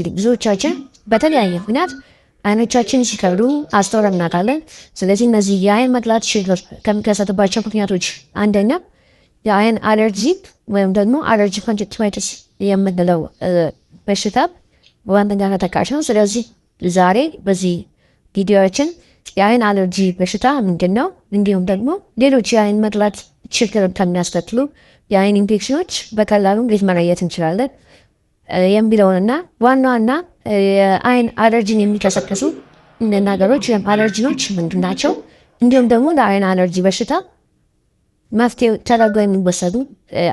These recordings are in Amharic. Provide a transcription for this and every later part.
እንግዲህ ብዙዎቻችን በተለያየ ምክንያት አይኖቻችን ሲከብዱ አስተውለን እናውቃለን። ስለዚህ እነዚህ የአይን መቅላት ችግር ከሚከሰትባቸው ምክንያቶች አንደኛ የአይን አለርጂ ወይም ደግሞ አለርጂ ኮንጀክቲቫይተስ የምንለው በሽታ በዋነኛ ተጠቃሽ ነው። ስለዚህ ዛሬ በዚህ ቪዲዮዎችን የአይን አለርጂ በሽታ ምንድን ነው፣ እንዲሁም ደግሞ ሌሎች የአይን መቅላት ችግር ከሚያስከትሉ የአይን ኢንፌክሽኖች በቀላሉ እንዴት መለየት እንችላለን የሚለውንና ዋና ዋና የአይን አለርጂን የሚቀሰቅሱ ነገሮች ወይም አለርጂኖች ምንድን ናቸው፣ እንዲሁም ደግሞ ለአይን አለርጂ በሽታ መፍትሄ ተደርገው የሚወሰዱ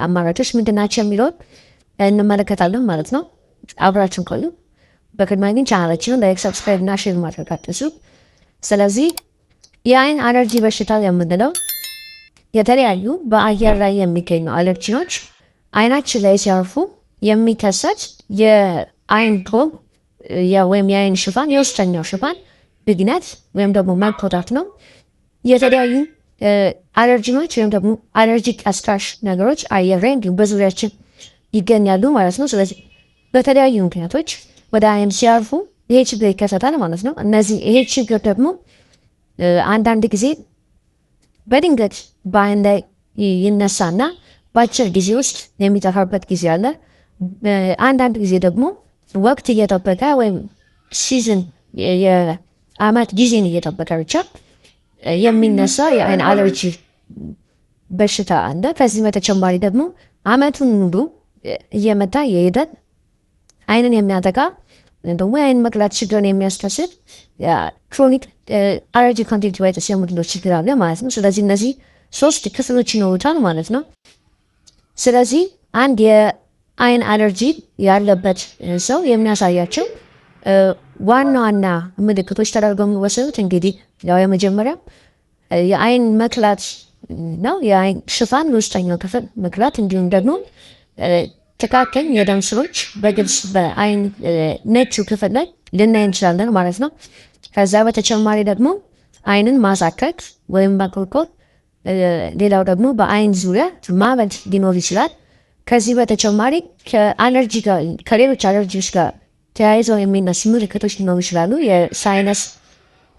አማራጮች ምንድን ናቸው የሚለውን እንመለከታለን ማለት ነው። አብራችን ቆዩ። በቅድሚያ ግን ቻናላችንን ላይክ፣ ሰብስክራይብ እና ሼር ማድረግ አትርሱ። ስለዚህ የአይን አለርጂ በሽታ የምንለው የተለያዩ በአየር ላይ የሚገኙ አለርጂኖች አይናችን ላይ ሲያርፉ የሚከሰት የአይን ድሮም ወይም የአይን ሽፋን የውስጠኛው ሽፋን ብግነት ወይም ደግሞ መጎዳት ነው። የተለያዩ አለርጂኖች ወይም ደግሞ አለርጂክ አስታሽ ነገሮች አየር እንዲሁም በዙሪያችን ይገኛሉ ማለት ነው። ስለዚህ በተለያዩ ምክንያቶች ወደ አይን ሲያርፉ ይሄ ችግር ይከሰታል ማለት ነው። እነዚህ ይሄ ችግር ደግሞ አንዳንድ ጊዜ በድንገት በአይን ላይ ይነሳና በአጭር ጊዜ ውስጥ የሚጠፋበት ጊዜ አለ። አንዳንድ ጊዜ ደግሞ ወቅት እየጠበቀ ወይም ሲዝን የአመት ጊዜን እየጠበቀ ብቻ የሚነሳ የአይን አለርጂ በሽታ አለ። ከዚህ በተጨማሪ ደግሞ አመቱን ሙሉ እየመታ የሄደን አይንን የሚያጠቃ ደግሞ የአይን መቅላት ችግርን የሚያስከስል ክሮኒክ አለርጂ ኮንጀክቲቫይተስ የምንለው ችግር አለ ማለት ነው። ስለዚህ እነዚህ ሶስት ክፍሎች ይኖሩታል ማለት ነው። ስለዚህ አንድ አይን አለርጂ ያለበት ሰው የሚያሳያቸው ዋና ዋና ምልክቶች ተደርገው የሚወሰዱት እንግዲህ ያው የመጀመሪያ የአይን መክላት ነው። የአይን ሽፋን ውስጠኛው ክፍል መክላት፣ እንዲሁም ደግሞ ጥቃቅን የደም ስሮች በግልጽ በአይን ነጩ ክፍል ላይ ልናይ እንችላለን ማለት ነው። ከዛ በተጨማሪ ደግሞ አይንን ማሳከክ ወይም ማኮርኮር፣ ሌላው ደግሞ በአይን ዙሪያ ማበድ ሊኖር ይችላል። ከዚህ በተጨማሪ ከአለርጂ ጋር ከሌሎች አለርጂዎች ጋር ተያይዘው የሚነሱ ምልክቶች ሊኖሩ ይችላሉ። የሳይነስ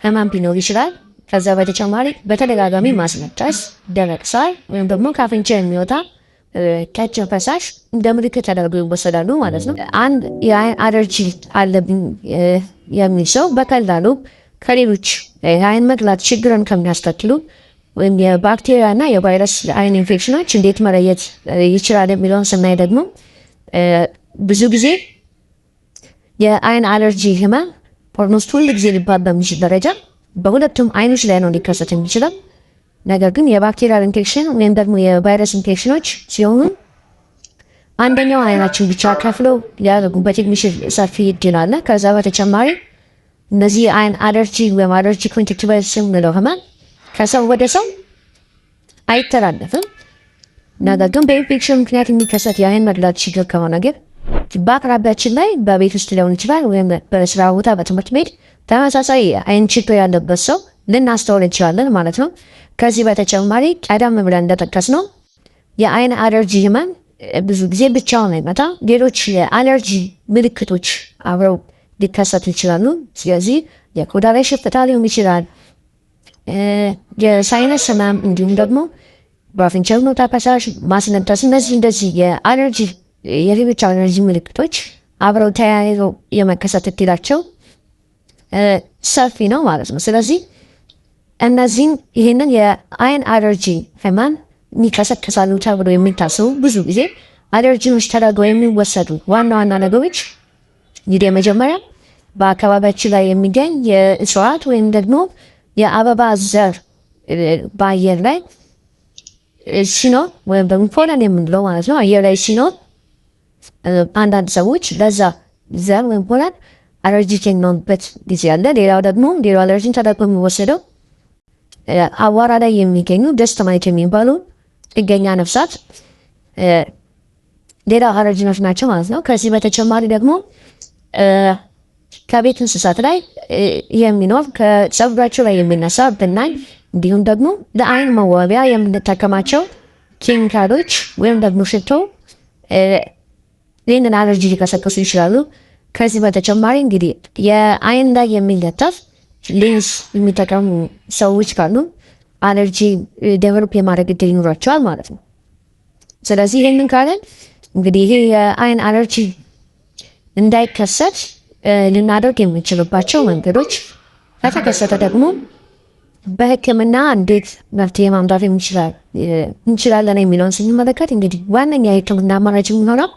ህመም ሊኖር ይችላል። ከዛ በተጨማሪ በተደጋጋሚ ማስነጠስ፣ ደረቅ ሳል ወይም ደግሞ ከአፍንጫ የሚወጣ ቀጭን ፈሳሽ እንደ ምልክት ተደርገው ይወሰዳሉ ማለት ነው። አንድ የአይን አለርጂ አለብኝ የሚል ሰው በቀላሉ ከሌሎች የአይን መግላት ችግርን ከሚያስከትሉ ወይም የባክቴሪያና የቫይረስ አይን ኢንፌክሽኖች እንዴት መለየት ይችላል የሚለውን ስናይ ደግሞ ብዙ ጊዜ የአይን አለርጂ ህመም ኦልሞስት ሁል ጊዜ ሊባል በሚችል ደረጃ በሁለቱም አይኖች ላይ ነው ሊከሰት የሚችለው። ነገር ግን የባክቴሪያል ኢንፌክሽን ወይም ደግሞ የቫይረስ ኢንፌክሽኖች ሲሆኑ አንደኛው አይናችን ብቻ ከፍሎ ሊያደርጉበት የሚችል ሰፊ እድል አለ። ከዛ በተጨማሪ እነዚህ የአይን አለርጂ ወይም አለርጂ ኮንጀክቲቫይተስ የምንለው ህመም ከሰው ወደ ሰው አይተላለፍም። ነገር ግን በኢንፌክሽን ምክንያት የሚከሰት የአይን መድላት ችግር ከሆነ ግን በአቅራቢያችን ላይ በቤት ውስጥ ሊሆን ይችላል፣ ወይም በስራ ቦታ፣ በትምህርት ቤት ተመሳሳይ አይን ችግር ያለበት ሰው ልናስተውል እንችላለን ማለት ነው። ከዚህ በተጨማሪ ቀደም ብለን እንደጠቀስ ነው። የአይን አለርጂ ህመም ብዙ ጊዜ ብቻውን አይመጣ፣ ሌሎች የአለርጂ ምልክቶች አብረው ሊከሰቱ ይችላሉ። ስለዚህ የቆዳ ላይ ሽፍታ ሊሆን ይችላል። የሳይነ ሰማም እንዲሁም ደግሞ በአፍንጫ መውጣ ፈሳሽ ማስነጠስ፣ እነዚህ እንደዚህ የአለርጂ የሌሎች አለርጂ ምልክቶች አብረው ተያይዘው የመከሰት እድላቸው ሰፊ ነው ማለት ነው። ስለዚህ እነዚህን ይህንን የአይን አለርጂ ህመም ይቀሰቅሳሉ ተብሎ የሚታሰቡ ብዙ ጊዜ አለርጂኖች ተደርገው የሚወሰዱ ዋና ዋና ነገሮች እንግዲህ የመጀመሪያ በአካባቢያችን ላይ የሚገኝ የእጽዋት ወይም ደግሞ የአበባ ዘር በአየር ላይ ሲኖር ወይም ደግሞ ፖለን የምንለው ማለት ነው። አየር ላይ ሲኖር አንዳንድ ሰዎች ለዛ ዘር ወይም ፖለን አለርጂክ የሚሆንበት ጊዜ አለ። ሌላው ደግሞ ሌላው አለርጂን ተደርጎ የሚወሰደው አዋራ ላይ የሚገኙ ደስት ማይት የሚባሉ ጥገኛ ነፍሳት ሌላው አለርጂኖች ናቸው ማለት ነው። ከዚህ በተጨማሪ ደግሞ ከቤት እንስሳት ላይ የሚኖር ከጸጉራቸው ላይ የሚነሳ ብናኝ እንዲሁም ደግሞ ለአይን መዋቢያ የምንጠቀማቸው ኬሚካሎች ወይም ደግሞ ሽቶ ይህንን አለርጂ ሊቀሰቅሱ ይችላሉ። ከዚህ በተጨማሪ እንግዲህ የአይን ላይ የሚለጠፍ ሌንስ የሚጠቀሙ ሰዎች ካሉ አለርጂ ዴቨሎፕ የማድረግ እድል ይኖራቸዋል ማለት ነው። ስለዚህ ይህንን ካለን እንግዲህ ይሄ የአይን አለርጂ እንዳይከሰት ልናደርግ የምንችልባቸው መንገዶች፣ ከተከሰተ ደግሞ በሕክምና እንዴት መፍትሄ ማምጣት እንችላለን የሚለውን ስንመለከት እንግዲህ ዋነኛ የሕክምና አማራጭ የሚሆነው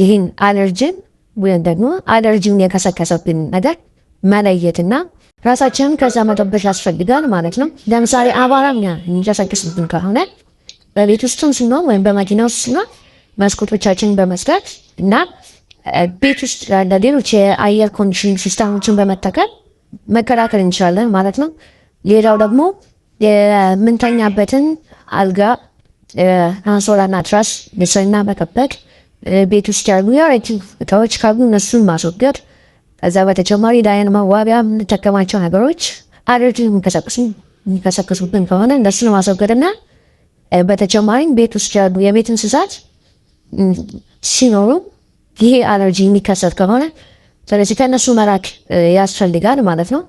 ይህን አለርጂን ወይም ደግሞ አለርጂን የከሰከሰብን ነገር መለየትና ራሳችንን ከዛ መጠበቅ ያስፈልጋል ማለት ነው። ለምሳሌ አቧራኛ የሚንቀሳቀስብን ከሆነ በቤት ውስጥም ስንሆን ወይም በመኪና ውስጥ ስንሆን መስኮቶቻችን በመዝጋት እና ቤት ውስጥ ያለ ሌሎች የአየር ኮንዲሽን ሲስተሞችን በመጠቀም መከላከል እንችላለን ማለት ነው። ሌላው ደግሞ የምንተኛበትን አልጋ፣ አንሶላና ትራስ ንጽህና መጠበቅ፣ ቤት ውስጥ ያሉ የኤሌክትሪክ እቃዎች ካሉ እነሱን ማስወገድ። ከዛ በተጨማሪ ለዓይን መዋቢያ የምንጠቀማቸው ነገሮች አለርጂ የሚቀሰቅሱብን ከሆነ እነሱን ማስወገድና በተጨማሪም ቤት ውስጥ ያሉ የቤት እንስሳት ሲኖሩም ይሄ አለርጂ የሚከሰት ከሆነ ስለዚህ ከእነሱ መራቅ ያስፈልጋል ማለት ነው።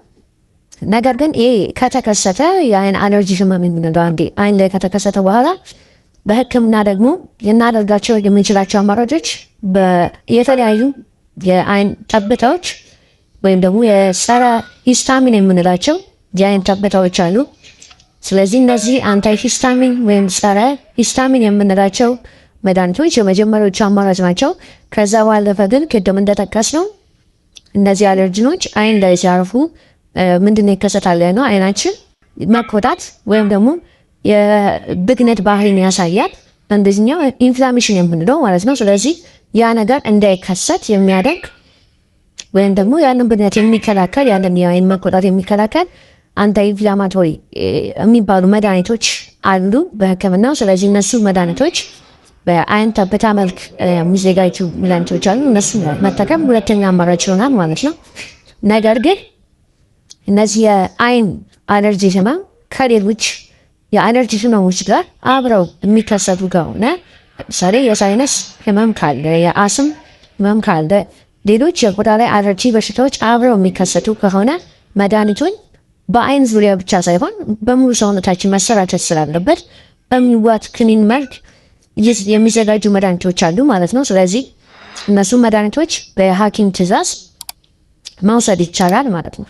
ነገር ግን ይሄ ከተከሰተ የአይን አለርጂ ህመም የምንለው አንዴ አይን ላይ ከተከሰተ በኋላ በህክምና ደግሞ ልናደርጋቸው የምንችላቸው አማራጮች የተለያዩ የአይን ጠብታዎች ወይም ደግሞ የጸረ ሂስታሚን የምንላቸው የአይን ጠብታዎች አሉ። ስለዚህ እነዚህ አንታይ ሂስታሚን ወይም ጸረ ሂስታሚን የምንላቸው መድኃኒቶች የመጀመሪያዎቹ አማራጭ ናቸው። ከዛ ባለፈ ግን ቅድም እንደጠቀስ ነው እነዚህ አለርጂኖች አይን ላይ ሲያርፉ ምንድን ነው ይከሰታል ነው አይናችን መኮጣት ወይም ደግሞ የብግነት ባህሪን ያሳያል። እንደዚህኛው ኢንፍላሜሽን የምንለው ማለት ነው። ስለዚህ ያ ነገር እንዳይከሰት የሚያደርግ ወይም ደግሞ ያንን ብግነት የሚከላከል ያንን የአይን መኮጣት የሚከላከል አንታይ ኢንፍላማቶሪ የሚባሉ መድኃኒቶች አሉ በሕክምናው። ስለዚህ እነሱ መድኃኒቶች በአይን ጠብታ መልክ የሚዘጋጁ መድኃኒቶች እነሱ መጠቀም ሁለተኛ አማራጭ ይሆናል ማለት ነው። ነገር ግን እነዚህ የአይን አለርጂ ህመም ከሌሎች የአለርጂ ህመሞች ጋር አብረው የሚከሰቱ ከሆነ ለምሳሌ የሳይነስ ህመም ካለ፣ የአስም ህመም ካለ፣ ሌሎች የቆዳ ላይ አለርጂ በሽታዎች አብረው የሚከሰቱ ከሆነ መድኃኒቱን በአይን ዙሪያ ብቻ ሳይሆን በሙሉ ሰውነታችን መሰራጨት ስላለበት በሚዋት ክኒን መልክ የሚዘጋጁ መድኃኒቶች አሉ ማለት ነው። ስለዚህ እነሱ መድኃኒቶች በሐኪም ትዕዛዝ መውሰድ ይቻላል ማለት ነው።